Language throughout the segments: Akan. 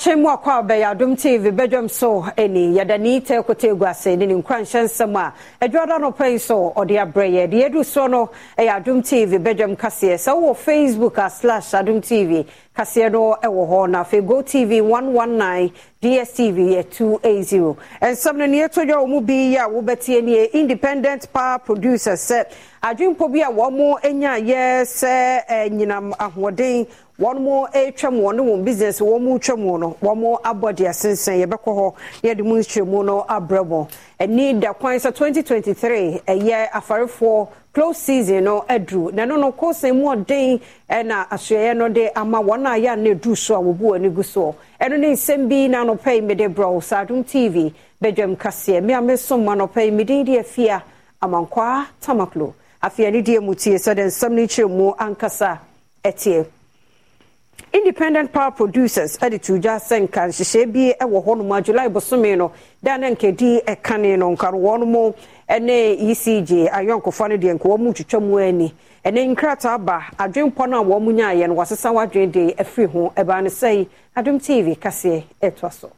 akyɛ mu akɔ abɛyɛ adom tv bɛdwam so ani e yɛda ne tɛkote gu ase ne ne nkuranhyɛ nsɛm a adwada e nɔpɛ yi so ɔde abrɛ yɛ deɛ yɛdu soɔ no ɛyɛ e adom tv bɛdwam kaseɛ sɛ wowɔ facebook a slash adom tv kaseɛ no ɛwɔ hɔ na afei go tv 119 dstv yɛ 280 ɛnsɛm no neɛ to dwa wɔ mu bi yi a wobɛtie nie independent power producer sɛ adwempo bi a wɔn anya yɛ sɛ ɛnyinam ahoɔden wɔn mo retwa mu wɔn wɔn business wɔn mo retwa mu no wɔn mo abɔ deɛ sensɛn yɛbɛkɔ hɔ yɛde mu nkyerɛmu no abrɛ mo ɛni da kwan sɛ 2023 ɛyɛ afarefoɔ close season no aduru eh, na no no kɔsan mu ɔden ɛna asoɛyɛ no de ama wɔn a yɛ ano edu so a ah, wɔbu wɔn eh, egu soɔ ɛno ne nsɛm bi na anɔpɛ yi mede brɛ o saadum tv bɛdwam kaseɛ mmea me so no anɔpɛ yi mede deɛ fia amankwa tamaklo Afia ani deɛ mu tie sɛ de nsɛm no kyerɛ mu ankasa ɛteɛ independent power producers de to dwa sɛ nka nhyehyɛ bi wɔ hɔnom a july bosome no da na nkɛdi kane no nkarowɔ no mu ne ecg ayɔnkofa no deɛ nka wɔn retwitwa mu ani ɛne nkrataa ba adwenpɔ no a wɔn nyaayɛ no wɔasesa wɔadwen de afiri ho ɛbaa no sɛi adom tv kaseɛ ɛtoa so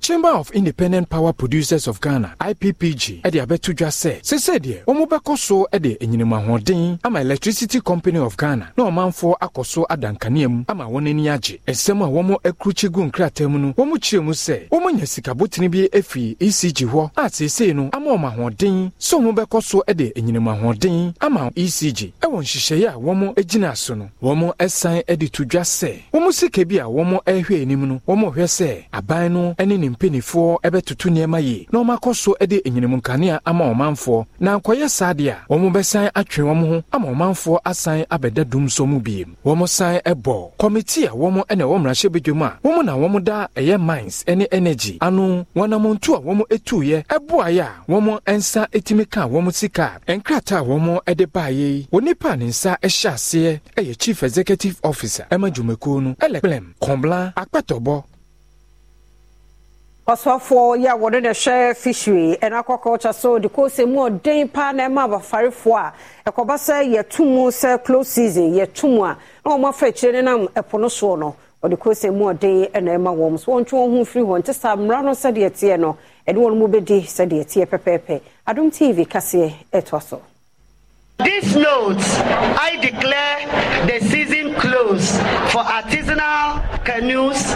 chamber of independent power producers of ghana ippg ɛde abɛto dwa sɛ sese deɛ wɔn bɛkɔ so ɛde enyinam ahoɔden ama electricity company of ghana na ɔmanfoɔ akɔ so ada nkanea mu ama wɔn ani agye ɛsɛm a wɔn akurukyi gu nkrataa mu no wɔn kyerɛ mu sɛ wɔn nya sikabotini bi efi ecg hɔ a sese no ama wɔn ahoɔden sɛ wɔn bɛkɔ so ɛde enyinam ahoɔden ama ecg ɛwɔ nhyehyɛeɛ a wɔn gyina so no wɔn ɛsan ɛde to dwa sɛ wɔn sika bi a wɔn ɛrehwɛ anim no wɔn rehwɛ sɛ aban no ɛne ne ne mpanimfoɔ bɛtoto nneɛma yie na wɔmakɔ so de anyinam nkanea ama ɔmanfoɔ na nkɔyɛ saa deɛ a wɔn bɛsan atwe wɔn ho ama ɔmanfoɔ asan abɛda dum so mu biem wɔn san bɔ kɔmiti a wɔn ne wɔn mmarahyɛbadwam a wɔn na wɔn da ɛyɛ mines ne energy ano wɔnam ntu a wɔn tuiɛ ɛboaeɛ a wɔn nsa tumi ka wɔn sika nkrataa a wɔn de baeɛ yi onipa a ne nsa hyɛ aseɛ yɛ chief executive officer ɛma dwumakuo no ɛlɛ kplɛm kɔnbla akpɛtɔbɔ ɔsɔfoɔ yi a wɔde na ɛhwɛ ɛna so de mu ɔden paa na ɛma abafarefoɔ a ɛkɔba sɛ mu sɛ close season mu a na wɔn afa akyire ne nam ɛpo no soɔ no ɔde mu ɔden ɛma wɔn so ho no teɛ no ɛne wɔn teɛ pɛpɛɛpɛ tv kaseɛ ɛtoa so. this note i declare the. Close for artisanal canoes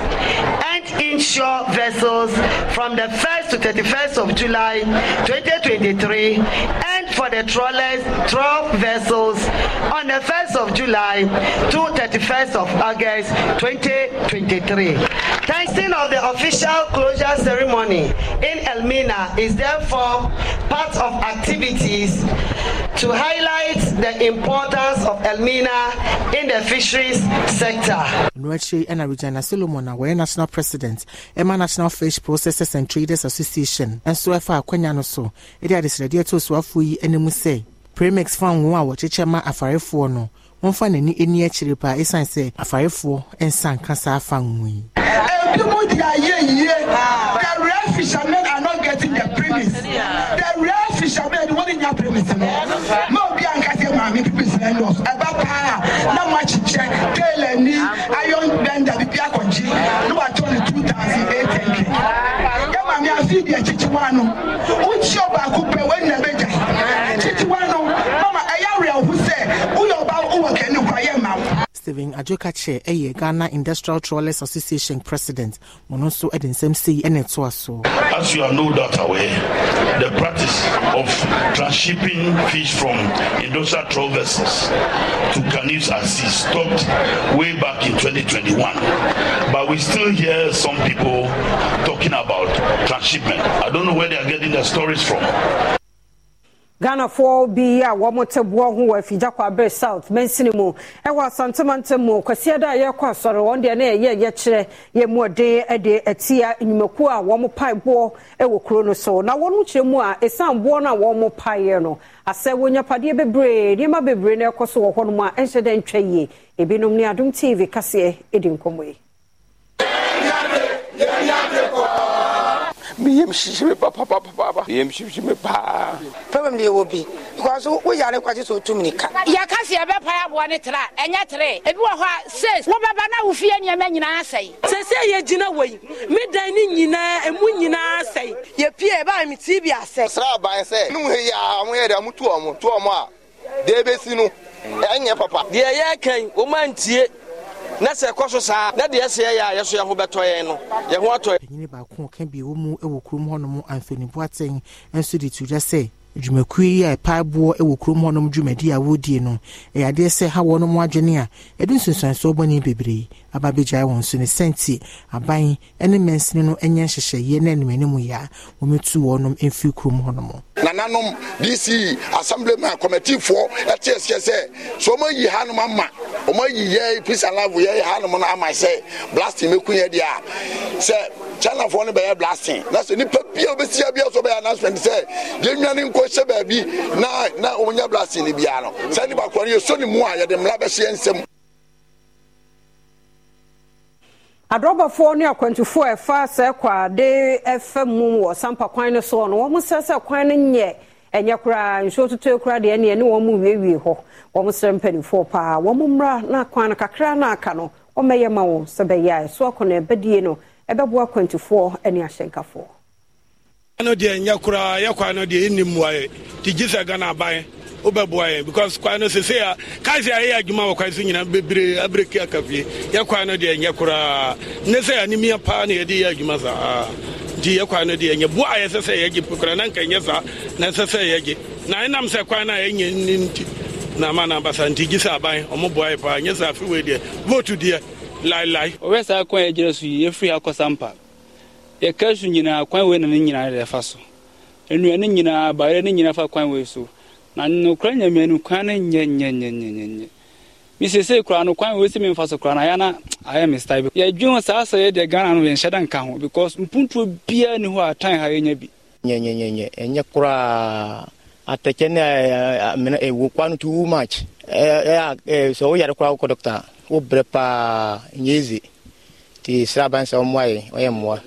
and inshore vessels from the 1st to 31st of July 2023 and for the trawlers, trawl vessels on the 1st of July to 31st of August 2023. Testing of the official closure ceremony in Elmina is therefore part of activities to highlight the importance of Elmina in the fisheries sector. Nwechi and Regina Solomon were national president, Emma National Fish Processors and Traders Association, and so far Kwenyanoso. It is ready to swap anim sɛ premix fa nwo a wɔkyekyɛ ma afarefoɔ no wɔmfa n'ani ani akyire paa ɛsiane sɛ afarefoɔ nsa nka saa fa nwo yi people their year year. The real fishermen are not getting their premise. The real fishermen wọ́n ní their premise mọ́. Mọ̀ bí àǹkàtì maame premise náà lọ. Ẹ̀bá paa náà wọ́n akyikyẹ́ tailor ní iron blender bíbí akọ̀jí ní wàá tọ́ ní two thousand eight hundred. Yẹ́ maame àfi ìdí ẹ̀kyikyi wá no. Wọ́n kyi ọ baako pẹ̀ wọ́n nyina bẹ́ẹ̀ stephen adwoka chair ɛyɛ ghana industrial trawlers association president wɔno nso de nsɛm sei ɛna as you are no doubt aware the practice of transshipping fish from industrial trawl vessels to canoes at sea stopped way back in 2021 but we still hear some people talking about transshipment i don't know where they are getting their stories from ghanafoɔ bi a wɔmote boɔ ho wɔ afigyakɔ aberɛ south mansini mu ɛwɔ asantemantam mu kwaseɛ da a yɛrekɔ asɔre wɔn deɛ ne yɛyɛ yɛkyerɛ yɛ mmuɔden de atia nnwumakuo a wɔmo pae boɔ wɔ kuro no so na wɔn kyerɛ mu a ɛsiane boɔ no a wɔmo paeɛ no asɛ wɔnyapadeɛ bebree nneɛma bebree na ɛkɔ so wɔ hɔ no a ɛnhyɛ dɛ ntwa yie ebinom ne adom tv kaseɛ di nkɔmmɔ yi yɛmhyehyɛ me papapapapa yɛmhyehyɛ me paa problem deɛ ɛwɔ bi because woyare kwagye sɛ ɔtum nika yɛka sɛ yɛbɛpae aboa ne tra ɛnyɛ tere ebi wɔ hɔ a ses wobɛba na wofie nneɛma nyinaa sɛe sɛ sɛ yɛgyina wɔ yi me dan ne nyinaa ɛmu nyinaa sɛe yɛpie ɛbaa me tv asɛe sra aban sɛ ne wohɛ yi a moyɛ dɛ motoɔ mo toɔ mo a deɛ bɛsi no ɛnyɛ papa deɛ yɛkan wɔma ntie na sɛ ɛkɔ so saa na deɛ ɛsɛ yɛ a yɛso yɛ ho bɛtɔ yɛn no yɛ ho atɔ. panyini baako ɔka bi ɛwɔ mu ɛwɔ kurom hɔnom anfoni boateng nso de tu dwa sɛ dwumakuo yi a ɛpaeboɔ wɔ kurom hɔnom dwumadi a wɔredie no ɛyɛ adeɛ sɛ ha wɔn mo adwene a ɛde nsonsansoɔ bɔne bebree aba abɛgyae wɔn so ne sɛnti aban ne mmɛnsini no nyɛ nhyehyɛeɛ na anim anim yɛ a wɔmɛtu wɔnom mfiri kurom hɔnom. nananom dc assemblyman committeefoɔ ɛte ɛsɛ sɛ sɛ wɔn hanom ama wɔn ayi yɛ peace and love yɛ hanom no ama sɛ blasting mɛku yɛ deɛ a sɛ chinafoɔ no bɛyɛ blasting na sɛ nipa bia obɛsi abia so bɛyɛ announcement sɛ yɛnwane nkɔ hyɛ baabi na na wɔnya blasting no biara no sɛ nipa korɔ no yɛsɔ ne mu a yɛde mmara bɛhyɛ nsɛm adrɔbafoɔ ne akwantufoɔ ɛfa sɛ kɔ ade ɛfɛ mu wɔ sampa kwan no soɔ no wɔn sɛ sɛ kwan no nyɛ ɛnyɛ koraa nsuo toto koraa deɛ ɛneɛ ne wɔn mu wiewie hɔ wɔn srɛ mpanimfoɔ paa wɔn mmra na kwan no kakra na aka no wɔmɛyɛ ma wɔn sɛ bɛyɛ a ɛso akɔ no ɛbɛdie no ɛbɛboa akwantufoɔ ne ahyɛnkafoɔ no deɛ nyɛ koraa yɛ kwan no deɛ ɛnni mmoa yɛ nti gye sɛ ghana aban wobɛboa yɛ because kwan no sese a kaase a ɛyɛ adwuma wɔ kwan so nyinaa bebree abereki aka fie yɛ kwan no deɛ nyɛ koraa ne sɛ animiya paa na yɛde yɛ adwuma saa deɛ kwan no deɛ ɛnyɛ boa a ɛsɛ sɛ yɛgye kora na nka ɛnyɛ saa na ɛsɛ sɛ yɛgye na ɛnam sɛ kwan no a ɛnyɛ ni nti na ma na basa nti gye sɛ aban ɔmo boa yɛ paa ɛnyɛ sɛ afewei deɛ votu deɛ laelae ɔwɛ saa kwan yɛgyina so yi yɛfiri akɔ mpa yɛka so nyinaa kwan wei na ne nyinaa de ɛfa so nnua ne nyinaa baerɛ ne nyinaa fa kwan wei so na nokora nyamea no kwan no nyɛ nyɛnyɛnyɛnyɛ mesesei koraa no kwan wɔsi me mfa so koraa no ayɛ na ayɛ me style yɛdwen saa sɛ yɛdeɛ ghana no yɛnhyɛ da nka ho because mpuntuo biaa ni hɔ a tan ha yɛnya bi nyɛnyɛnyɛnyɛ ɛnyɛ koraa atɛkyɛ ne ɛwɔ kwa no too much sɛ woyare koraa wokɔ dɔctor wobrɛ paa nyɛ ɛze nti sraban aban sɛ wɔmmoayɛ ɔyɛ mmoa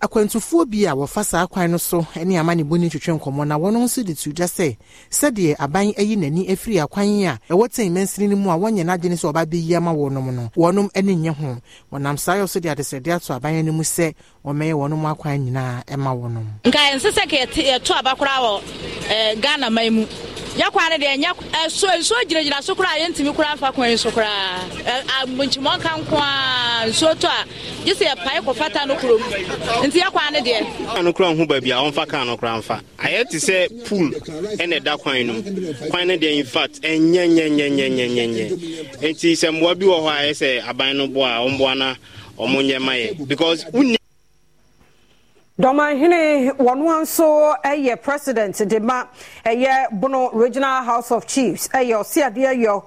akwantufoɔ bi a wɔfa saa kwan no so ne amannebu ne twetwe nkɔmmɔ na wɔn nso de tu gya sɛ sɛdeɛ aban ayi n'ani afiri akwan a ɛwɔ ten mansini no mu a wɔnyɛ n'adwene sɛ ɔba bɛyi ama wɔnom no wɔnom ani nyɛ ho wɔnam saa yɛ so de adesɛde ato aban no mu sɛ wɔmɛyɛ wɔnom akwan nyinaa ɛma wɔnom nka ɛnsɛ sɛ ka yɛto aba wɔ ghana man mu yɛkwa no deɛ ɛso nsuo gyinagyina so koraa yɛntumi koraa mfa kwan so koraa abonkyimɔ nka nko a nsuo tɔ a gye sɛ yɛpae kɔfata no kurom nti yɛ kwan ne deɛ. kwan no kura ho baabi a wɔmfa kan no kura mfa ayɛ te sɛ pool ɛna ɛda kwan no kwan no deɛ infact ɛnyɛnyɛnyɛnyɛnyɛnyɛ nti sɛ mmoa bi wɔ hɔ ayɛ sɛ aban no boa a wɔmboa na wɔn nyɛ ma yɛ because wunni. dɔmanhene wɔnoa nso yɛ president de ma ɛyɛ bono regional house of chiefs ɛyɛ ɔseadeɛ yɛ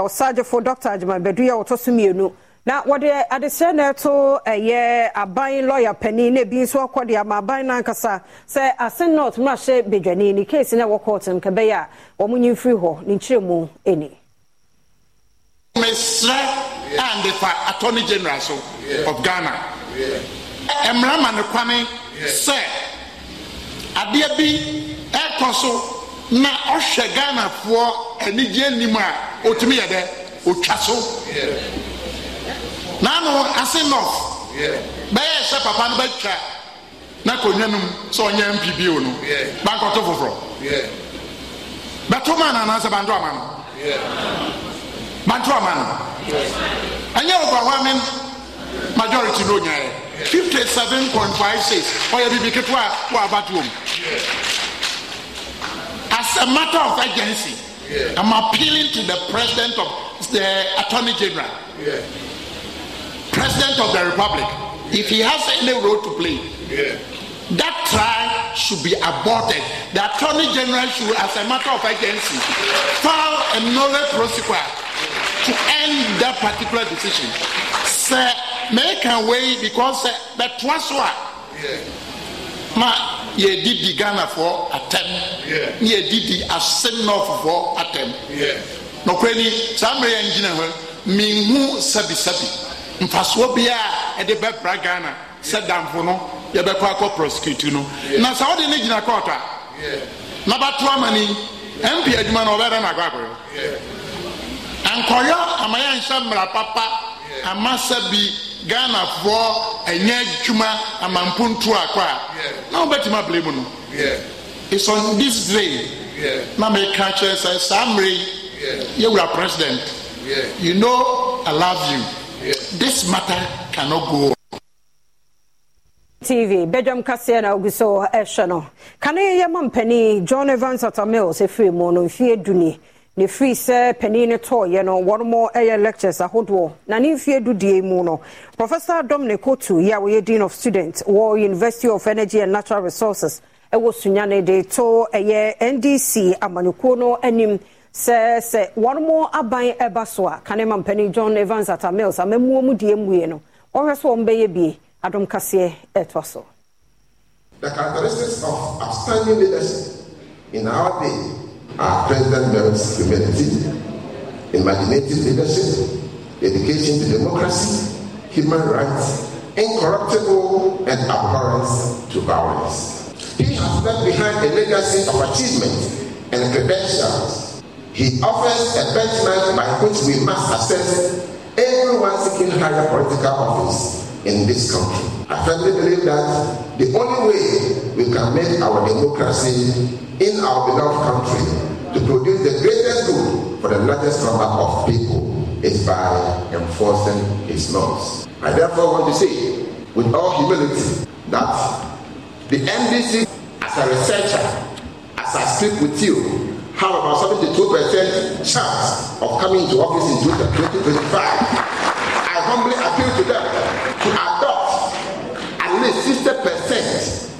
ɔsagyefo dr adwumabɛdu yɛ wɔtɔ so mmienu na wɔde adesrɛ na ɛto ɛyɛ aban lɔya panin na ebi nso akɔ de ama aban nankasa sɛ asen north mmarahyɛ bedwani ne keesi na ɛwɔ kɔɔto no kɛbɛyɛ a wɔn nyi mfiri hɔ ne nkyerɛ mu ni. mesrɛ a ndefa attorney general so of ghana mmara ma ne kwane sɛ adeɛ bi ɛkɔ so na ɔhwɛ ghanafoɔ anigye nim a otumi yɛ dɛ otwa so nanu ase nɔf bɛyɛ ɛhyɛ papa no bɛtwa na konya num sɛ ɔnyɛ mpp o no bankɔto foforɔ bɛto ma na anaasɛ banto ama no banto ama no ɛnyɛ ɔgwahwamen majority no six. 57.56 ɔyɛ bibi ketewa wɔ abatoɔ mu as a matter of urgency i'm appealing to the president of the attorney general yeah. president of the republic, if he has any role to play, that trial should be aborted. The attorney general should, as a matter of urgency, file a nolle prosequa to end that particular decision. Sir, make a way because that was what. Ma ye did Yeah. My, yɛdidi ghanafoɔ atɛm ne yɛdidi asɛm nɔɔfofoɔ atɛm nɔkora ni saa mmerɛ yɛngyina hɔ sabi sabisabi mfasoɔ biara ɛde bɛbra ghana sɛ damfo no yɛbɛkɔ akɔ prosecute no na sɛ wode ne gyina kɔɔtɔ a na bato ama ni mp adwuma no ɔbɛdɛ na akɔakɔyɔ ankɔyɔ ama yɛnhyɛ mmara papa ama sɛ bi ghanafoɔ ɛnyɛ adwuma ama mpontu akɔ a na wobɛtumi abere mu no is on this day na meka kyerɛ sɛ saa mmerɛ yɛwura president you know i love you This matter cannot go on. TV bedwam kaseɛ na ogu so ɛhwɛ eh, no kane yɛ ma mpanin John Evans Atamills efiri mu no mfie du ni ne firi sɛ panin no tɔɔyɛ no wɔn mo eh, yɛ lectures ahodoɔ na ne mfie du die mu no Professor Dominic Otu yɛ a wɔyɛ Dean of Students wɔ University of Energy and Natural Resources ɛwɔ eh, Sunyane de to ɛyɛ NDC amanyɔkuo no anim sɛ sɛ wɔn mo aban ɛba so a kanema mpanin john evans atamils amamuo mu deɛ mmue no wɔhwɛ so wɔn bɛyɛ bie adom kaseɛ ɛtoa so. the characteristics of outstanding leaders in our day are president merit humility imaginative leadership dedication to democracy human rights incorruptible and abhorrence to violence. he has left behind a legacy of achievement and credentials. He offers a benchmark by which we must assess everyone seeking higher political office in this country. I firmly believe that the only way we can make our democracy in our beloved country to produce the greatest good for the largest number of people is by enforcing his laws. I therefore want to say, with all humility, that the NDC, as a researcher, as I speak with you, have about 72% chance of coming into office in 2025. I humbly appeal to them to adopt at least 60% percent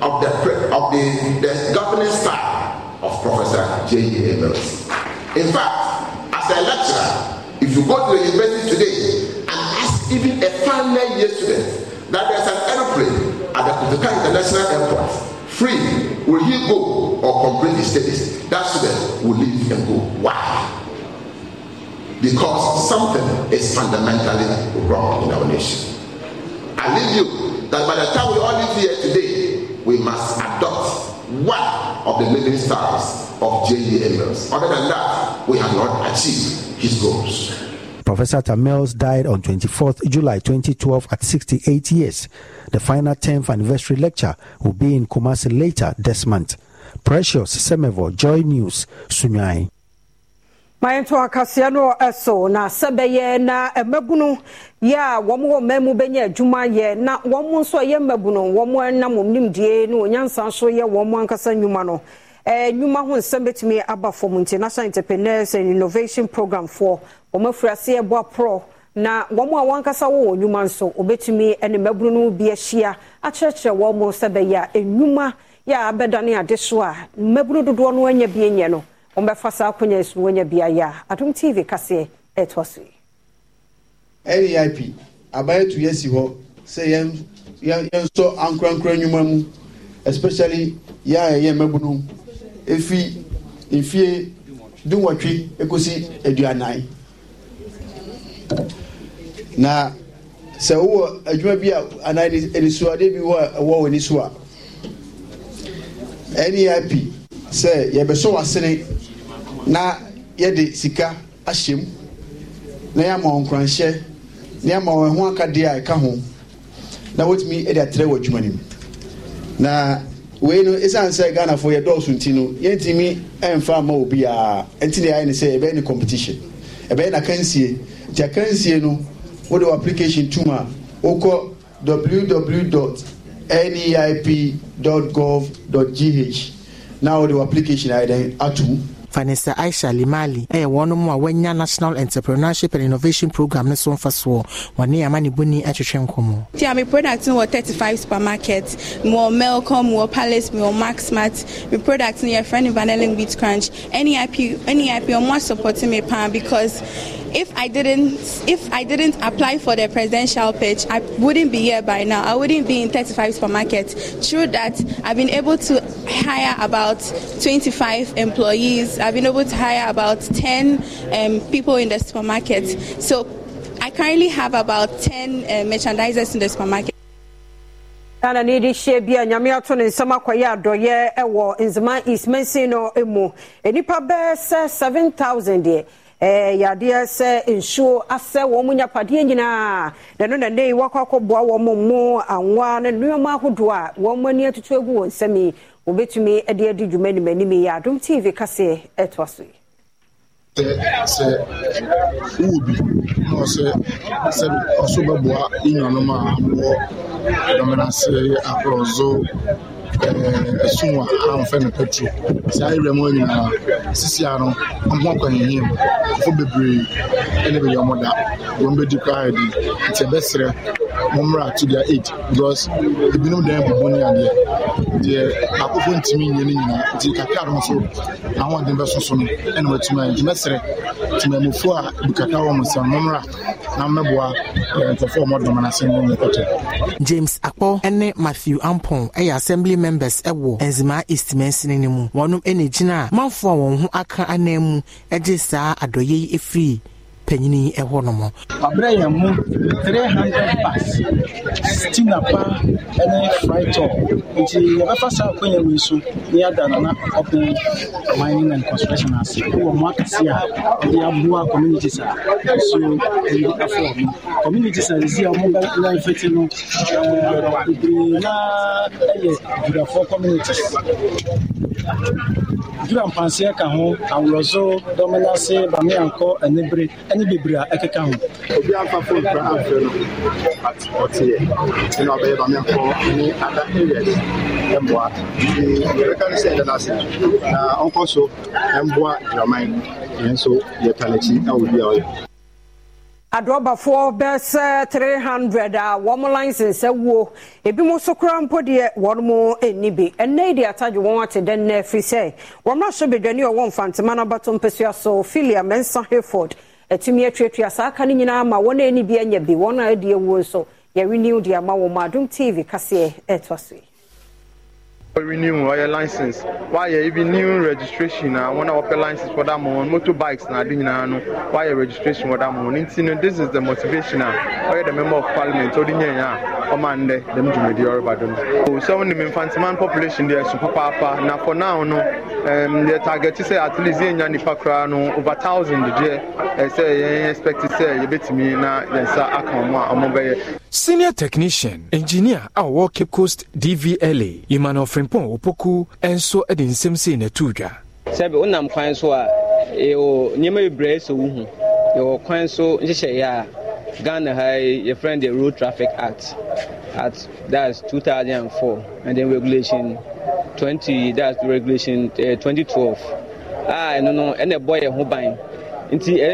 of the, of the, the governing style of Professor J.E. Mills. In fact, as a lecturer, if you go to the university today and ask even a final year student that there's an airplane at the Kutuka International Airport, free, will he go? or complete his studies, that student will leave and go. Why? Because something is fundamentally wrong in our nation. I leave you that by the time we all live here today, we must adopt one of the living styles of J.D. Mills. Other than that, we have not achieved his goals. Professor Tamels died on twenty fourth July 2012 at 68 years. The final 10th anniversary lecture will be in Kumasi later this month. precious semevo joy news sunwan mayɛnto akaseɛ no ɛso na sɛ bɛyɛ na mmabunu ya a wɔn wɔ mmaa mu bɛnya adwuma yɛ na wɔn nso a yɛ mmabunu wɔn nam na onyansa nso yɛ wɔn ankasa nnwuma no e, nnwuma ho nsɛm bɛtumi aba fam nti national entrepreneurs and innovation program foɔ wɔn afiri ase na wɔn a wɔn wɔ wɔn nso wɔbɛtumi ne mmabunu no bi ahyia akyerɛkyerɛ wɔn sɛ bɛyɛ a e yɛ abɛdane ade so a mmabunu dodoɔ no anya bi nyɛ no wɔmbɛfa saa akonnwa so wanya bi ayɛ a adom tv kaseɛ ɛtoa so yi neip abayɛ to yɛasi hɔ sɛ yɛnsɔ ankorankora nnwuma mu especially yɛ a yɛyɛ mmabunu ɛfi mfie dunwɔtwe ɛkɔsi aduanan na sɛ wowɔ adwuma bi a anaa anisoadeɛ bi wɔ ɛwɔ w'ani so a nip sɛ yɛbɛsɔ wasene na yɛde sika ahyɛ mu na yɛama wɔn nkuranhyɛ na yɛama wɔn ho akadeɛ a ɛka ho na wɔtumi de atrɛ wɔ adwuma no mu na wei no ɛsiane sɛ ghanafoɔ yɛdɔɔso nti no yɛntumi ɛmfa ma obiaa ɛnti ne yɛayɛ ne sɛ yɛbɛyɛ ne competition ɛbɛyɛ n'akansie nti akansie no wode wɔ application tum a wokɔ www neip.gov.gh Now the application ayɛ dɛn ato Vanessa Aisha Limali ɛyɛ eh, one of my wɔanya National Entrepreneurship and Innovation Program ne so mfa soɔ wɔne Amani Buni ɛtwetwe nkɔmɔ. Ti a mi product thirty five supermarket mi wɔ Melcom mi wɔ Palace mi wɔ Maxmart mi product yɛ friend vanilla wheat crunch NEIP NEIP wɔn more supporting me paa because if I didn't if I didn't apply for the presidential pitch, I wouldn't be here by now. I wouldn't be in 35 supermarkets. Through that, I've been able to hire about 25 employees. I've been able to hire about 10 um, people in the supermarket. So I currently have about 10 uh, merchandisers in the supermarket. ana ne de hyia bi a nyame ato ne nsɛm akɔyɛ adɔyɛ wɔ no mu nnipa bɛɛ sɛ 7000 deɛ Eh, yadeɛ sɛ nsuo asɛ wɔn mu nyapadeɛ nyinaa nano na nei wakɔ akɔboa wɔn mu anwa ne nneɛma ahodoɔ a wɔn ani atutu agu wɔn nsam yi wɔbɛtumi de adi dwuma nim anim yi adom tv kaseɛ ɛtoa so yi sɛ wowɔ bi na ɔsɛ sɛ ɔso bɛboa yɛnuanom a wɔ dɔmenase akorɔzo ɛsum eh, a amfɛ no petro saa awura mu nyinaa sisi ano ɔmo akɔnyinyim fo bebree ɛna bɛyɛ ɔmo da wɔn bɛdi koraa yɛ di nti ɛbɛsrɛ mmerɛ to their aid because ebinom dan bubu ne adeɛ deɛ akofo ntumi nyɛ ne nyinaa nti kakra no nso ahoɔden bɛsoso no ɛna watumi ayɛ nti mɛsrɛ a bukata wɔ nsa no na mmɛboa eh, nkurɔfoɔ a wɔdɔm no no mu kɔtɔ james akpɔ ne matthew ampon yɛ assembly members wɔ nzimaa east mansini no mu wɔnom na gyina a manfoɔ a wɔn ho aka anan mu gye saa adɔyɛ yi afiri panyini ɛwɔ no mo wabrɛ yɛn mu 300 bas stina pa ɛne fritɔ nti yɛbɛfa saa akwanya wei so na yɛada nana ɔpo mining and construction ase wɔ mo akɛse a ɛde aboa communities a ɛso ɛyɛ afoɔ no communities a ɛsi a ɔmo bɛnfɛte no bebree na ɛyɛ adwudafoɔ communities dura mpanseɛ ka ho aworɔso dɔmelase bameankɔ ɛne bere ɛne bebree a ɛkeka ho obi amfa phone kora amfrɛ no but ɔteɛ nti na ɔbɛyɛ bameankɔ ne ada areas mboa nti yɛbɛka no sɛ ɛda no ase na ɔnkɔ so mboa draman yɛn nso yɛta n'akyi awɔ bi a ɔyɛ adrɔbafoɔ bɛsɛ 300 a wɔn license awuo ebi mo nso kura mpo deɛ wɔn mo ani bi ɛnna yi de atagye wɔn ate dɛ nnɛ fi sɛ wɔn ahyɛ bedwani a wɔn mfantama n'abato mpɛsua so filia mensa hayford atumi atuatua saa aka no nyinaa ma wɔn ani bi anya bi wɔn a adi awuo nso yɛrenew de ama wɔn adum tv kaseɛ ɛɛtɔ so renew ɔyɛ license Why wayɛ even new registration na wɔn a wɔpɛ license for that. mo wɔn motorbikes na adi nyinaa no wayɛ registration for that? mo wɔn nti no this is the motivation a uh, ɔyɛ the member of parliament ɔdi nyɛ yɛn a ɔma ndɛ dɛm dwumadi ɔreba do no. osɛw ne mi nfantiman population deɛ so papaapa na for now no ɛɛm um, deɛ target is uh, at least yɛn nya uh, no over thousand deɛ ɛsɛ yɛn expect sɛ yɛbɛtumi na yɛnsa aka wɔn a wɔbɛyɛ. senior technician engineer a ɔwɔ cape coast dvla emmanuel frimpong opoku nso de nsɛm sei na ɛto dwa. sɛbi wonam kwan so a ɛwɔ nneɛma bebree sɛ wo hu ɛwɔ kwan so nhyehyɛeɛ a ghana ha yɛfrɛ no the road traffic act at that's 2004 and then regulation 20 that's regulation uh, eh, 2012 a ah, ɛno no ɛna ɛbɔ yɛn ho ban nti ɛyɛ